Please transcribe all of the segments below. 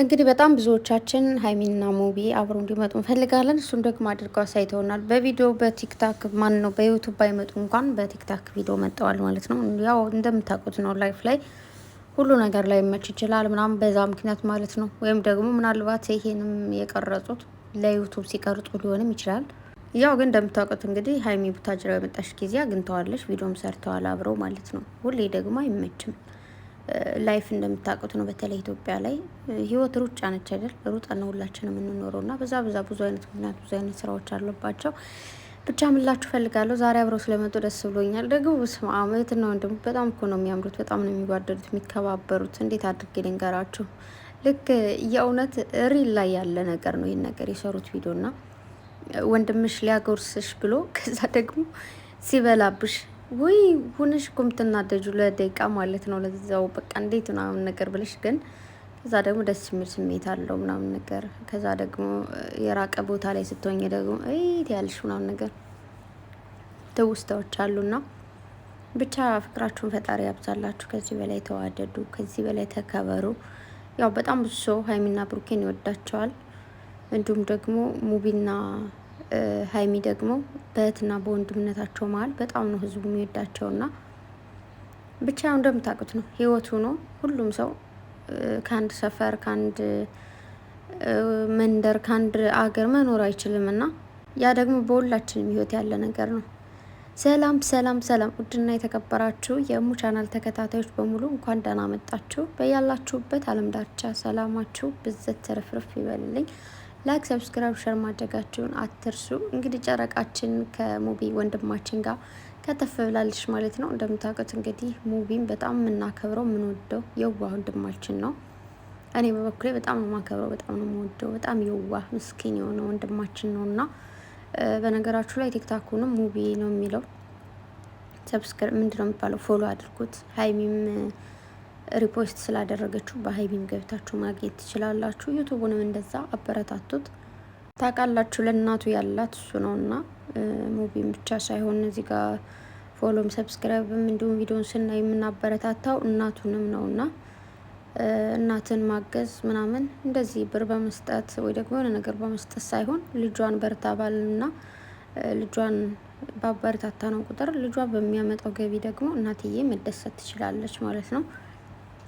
እንግዲህ በጣም ብዙዎቻችን ሀይሚና ሙቢ አብሮ እንዲመጡ እንፈልጋለን። እሱን ደግሞ አድርገው አሳይተውናል በቪዲዮ በቲክታክ ማን ነው በዩቱብ ባይመጡ እንኳን በቲክታክ ቪዲዮ መጠዋል ማለት ነው። ያው እንደምታውቁት ነው ላይፍ ላይ ሁሉ ነገር ላይ መች ይችላል ምናምን በዛ ምክንያት ማለት ነው። ወይም ደግሞ ምናልባት ይሄንም የቀረጹት ለዩቱብ ሲቀርጹ ሊሆንም ይችላል። ያው ግን እንደምታውቁት እንግዲህ ሀይሚ ቡታጅራ የመጣሽ ጊዜ አግኝተዋለች፣ ቪዲዮም ሰርተዋል አብረው ማለት ነው። ሁሌ ደግሞ አይመችም። ላይፍ እንደምታውቁት ነው። በተለይ ኢትዮጵያ ላይ ህይወት ሩጫ ነች አይደል? ሩጣ ነው ሁላችን የምንኖረው እና በዛ በዛ ብዙ አይነት ምክንያት ብዙ አይነት ስራዎች አለባቸው። ብቻ ምላችሁ ፈልጋለሁ። ዛሬ አብረው ስለመጡ ደስ ብሎኛል። ደግሞ አመት ነው ወንድሞች በጣም እኮ ነው የሚያምሩት፣ በጣም ነው የሚጓደዱት፣ የሚከባበሩት። እንዴት አድርጌ ልንገራችሁ? ልክ የእውነት ሪል ላይ ያለ ነገር ነው ይህን ነገር የሰሩት ቪዲዮ እና ወንድምሽ ሊያጎርስሽ ብሎ ከዛ ደግሞ ሲበላብሽ ውይ ሁንሽ እኮ የምትናደጁ ለደቂቃ ማለት ነው። ለዛው በቃ እንዴት ምናምን ነገር ብለሽ ግን ከዛ ደግሞ ደስ የሚል ስሜት አለው ምናምን ነገር። ከዛ ደግሞ የራቀ ቦታ ላይ ስትሆኝ ደግሞ ት ያልሽ ምናምን ነገር ትውስታዎች አሉና ብቻ ፍቅራችሁን ፈጣሪ ያብዛላችሁ። ከዚህ በላይ ተዋደዱ፣ ከዚህ በላይ ተከበሩ። ያው በጣም ብዙ ሰው ሀይሚና ብሩኬን ይወዳቸዋል። እንዲሁም ደግሞ ሙቢና ሀይሚ ደግሞ በእህትና በወንድምነታቸው መሀል በጣም ነው ህዝቡ የሚወዳቸውና ብቻ እንደምታውቁት ነው ህይወቱ ነው። ሁሉም ሰው ከአንድ ሰፈር ከአንድ መንደር ከአንድ አገር መኖር አይችልም እና ያ ደግሞ በሁላችንም ህይወት ያለ ነገር ነው። ሰላም ሰላም ሰላም! ውድና የተከበራችሁ የሙ ቻናል ተከታታዮች በሙሉ እንኳን ደህና መጣችሁ። በያላችሁበት አለም ዳርቻ ሰላማችሁ ብዘት ተረፍርፍ ይበልልኝ። ላይክ፣ ሰብስክራይብ፣ ሸር ማድረጋችሁን አትርሱ። እንግዲህ ጨረቃችን ከሙቢ ወንድማችን ጋር ከተፍ ብላለች ማለት ነው። እንደምታውቁት እንግዲህ ሙቢን በጣም የምናከብረው የምንወደው የዋህ ወንድማችን ነው። እኔ በበኩሌ በጣም ነው የማከብረው፣ በጣም ነው የምወደው። በጣም የዋህ ምስኪን የሆነ ወንድማችን ነው እና በነገራችሁ ላይ ቲክታኩንም ሙቢ ነው የሚለው ሰብስክር ምንድን ነው የሚባለው ፎሎ አድርጉት ሀይሚም ሪፖስት ስላደረገችው በሀይቢም ገብታችሁ ማግኘት ትችላላችሁ። ዩቱቡንም እንደዛ አበረታቱት። ታውቃላችሁ ለእናቱ ያላት እሱ ነው እና ሙቪም ብቻ ሳይሆን እዚህ ጋር ፎሎም ሰብስክራይብም እንዲሁም ቪዲዮን ስናይ የምናበረታታው እናቱንም ነው እና እናትን ማገዝ ምናምን እንደዚህ ብር በመስጠት ወይ ደግሞ የሆነ ነገር በመስጠት ሳይሆን ልጇን በርታ ባልና ልጇን ባበረታታ ነው ቁጥር ልጇ በሚያመጣው ገቢ ደግሞ እናትዬ መደሰት ትችላለች ማለት ነው።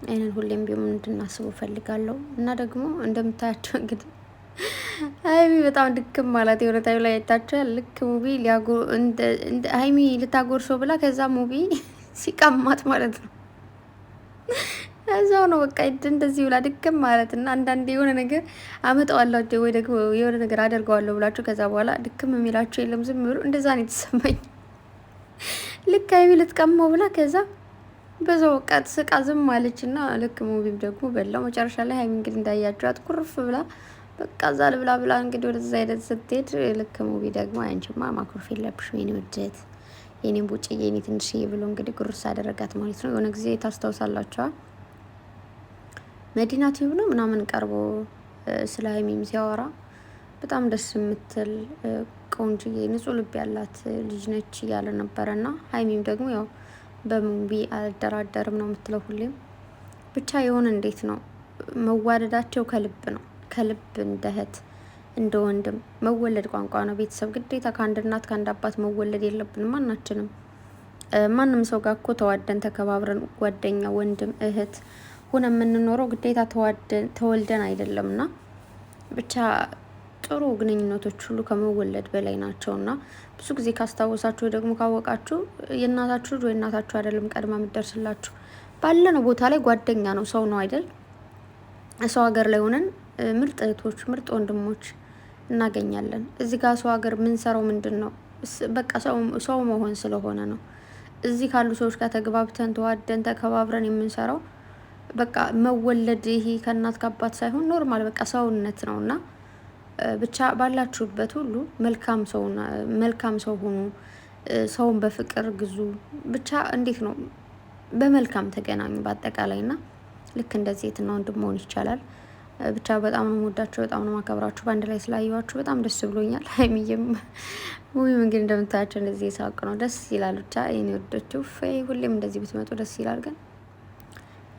ይህንን ሁሌም ቢሆን እንድናስቡ ፈልጋለሁ እና ደግሞ እንደምታያቸው እንግዲህ ሀይሚ በጣም ድክም ማለት የሆነ ላይ አይታችኋል። ልክ ሙቢ ሀይሚ ልታጎርሰው ብላ ከዛ ሙቪ ሲቀማት ማለት ነው እዛው ነው በቃ እንደዚህ ብላ ድክም ማለት እና አንዳንድ የሆነ ነገር አመጣዋላቸው ወይ ደግሞ የሆነ ነገር አደርገዋለሁ ብላቸው ከዛ በኋላ ድክም የሚላቸው የለም ዝም ብሎ እንደዛ ነው የተሰማኝ። ልክ ሀይሚ ልትቀማው ብላ ከዛ በዛው በቃ ስቃ ዝም አለች እና ልክ ሙቪም ደግሞ በላው። መጨረሻ ላይ ሀይሚ እንግዲህ እንዳያችኋት ኩርፍ ብላ በቃ እዛ ልብላ ብላ እንግዲህ ወደዛ ሂደት ስትሄድ ልክ ሙቪ ደግሞ አንቺማ ማኩርፍ የለብሽም የኔ ውደት፣ የኔም ቡጭ፣ የኔ ትንሽዬ ብሎ እንግዲህ ጉርስ አደረጋት ማለት ነው። የሆነ ጊዜ ታስታውሳላችኋል መዲና ቲቪ ነው ምናምን ቀርቦ ስለ ሀይሚም ሲያወራ በጣም ደስ የምትል ቆንጅዬ ንጹህ ልብ ያላት ልጅ ነች እያለ ነበረ እና ሀይሚም ደግሞ ያው በሙቢ አልደራደርም ነው የምትለው ሁሌም። ብቻ የሆነ እንዴት ነው መዋደዳቸው ከልብ ነው ከልብ እንደ እህት እንደ ወንድም መወለድ ቋንቋ ነው። ቤተሰብ ግዴታ ከአንድ እናት ከአንድ አባት መወለድ የለብን ማናችንም። ማንም ሰው ጋር እኮ ተዋደን ተከባብረን ጓደኛ፣ ወንድም፣ እህት ሆነ የምንኖረው ግዴታ ተወልደን አይደለም እና ብቻ ጥሩ ግንኙነቶች ሁሉ ከመወለድ በላይ እና ብዙ ጊዜ ካስታወሳችሁ ደግሞ ካወቃችሁ የእናታችሁ ልጅ ወይ እናታችሁ አይደለም ቀድማ የምትደርስላችሁ። ባለነው ቦታ ላይ ጓደኛ ነው ሰው ነው አይደል? ሰው ሀገር ላይ ሆነን ምርጥ እህቶች ምርጥ ወንድሞች እናገኛለን። እዚህ ጋር ሰው ሀገር ምንሰራው ምንድን ነው? በቃ ሰው መሆን ስለሆነ ነው። እዚህ ካሉ ሰዎች ጋር ተግባብተን ተዋደን ተከባብረን የምንሰራው በቃ መወለድ ይሄ ከእናት ከአባት ሳይሆን ኖርማል በቃ ሰውነት ነው እና ብቻ ባላችሁበት ሁሉ መልካም ሰው መልካም ሰው ሁኑ። ሰውን በፍቅር ግዙ። ብቻ እንዴት ነው በመልካም ተገናኙ በአጠቃላይ ና ልክ እንደዚህ የትና ወንድም መሆን ይቻላል። ብቻ በጣም ነው የምወዳችሁ፣ በጣም ነው የማከብራችሁ። በአንድ ላይ ስላየኋችሁ በጣም ደስ ብሎኛል። ሀይሚዬም ውይም እንግዲህ እንደምታያቸው እንደዚህ የሳቅ ነው ደስ ይላል። ብቻ ይህን የወደችው ሁሌም እንደዚህ ብትመጡ ደስ ይላል። ግን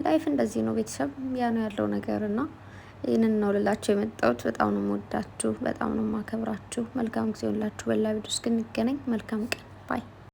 ላይፍ እንደዚህ ነው ቤተሰብ ያ ነው ያለው ነገር እና ይህንን ነው ልላችሁ የመጣሁት። በጣም ነው የምወዳችሁ፣ በጣም ነው የማከብራችሁ። መልካም ጊዜ ሁላችሁ። በሌላ ውስጥ እስክንገናኝ መልካም ቀን ባይ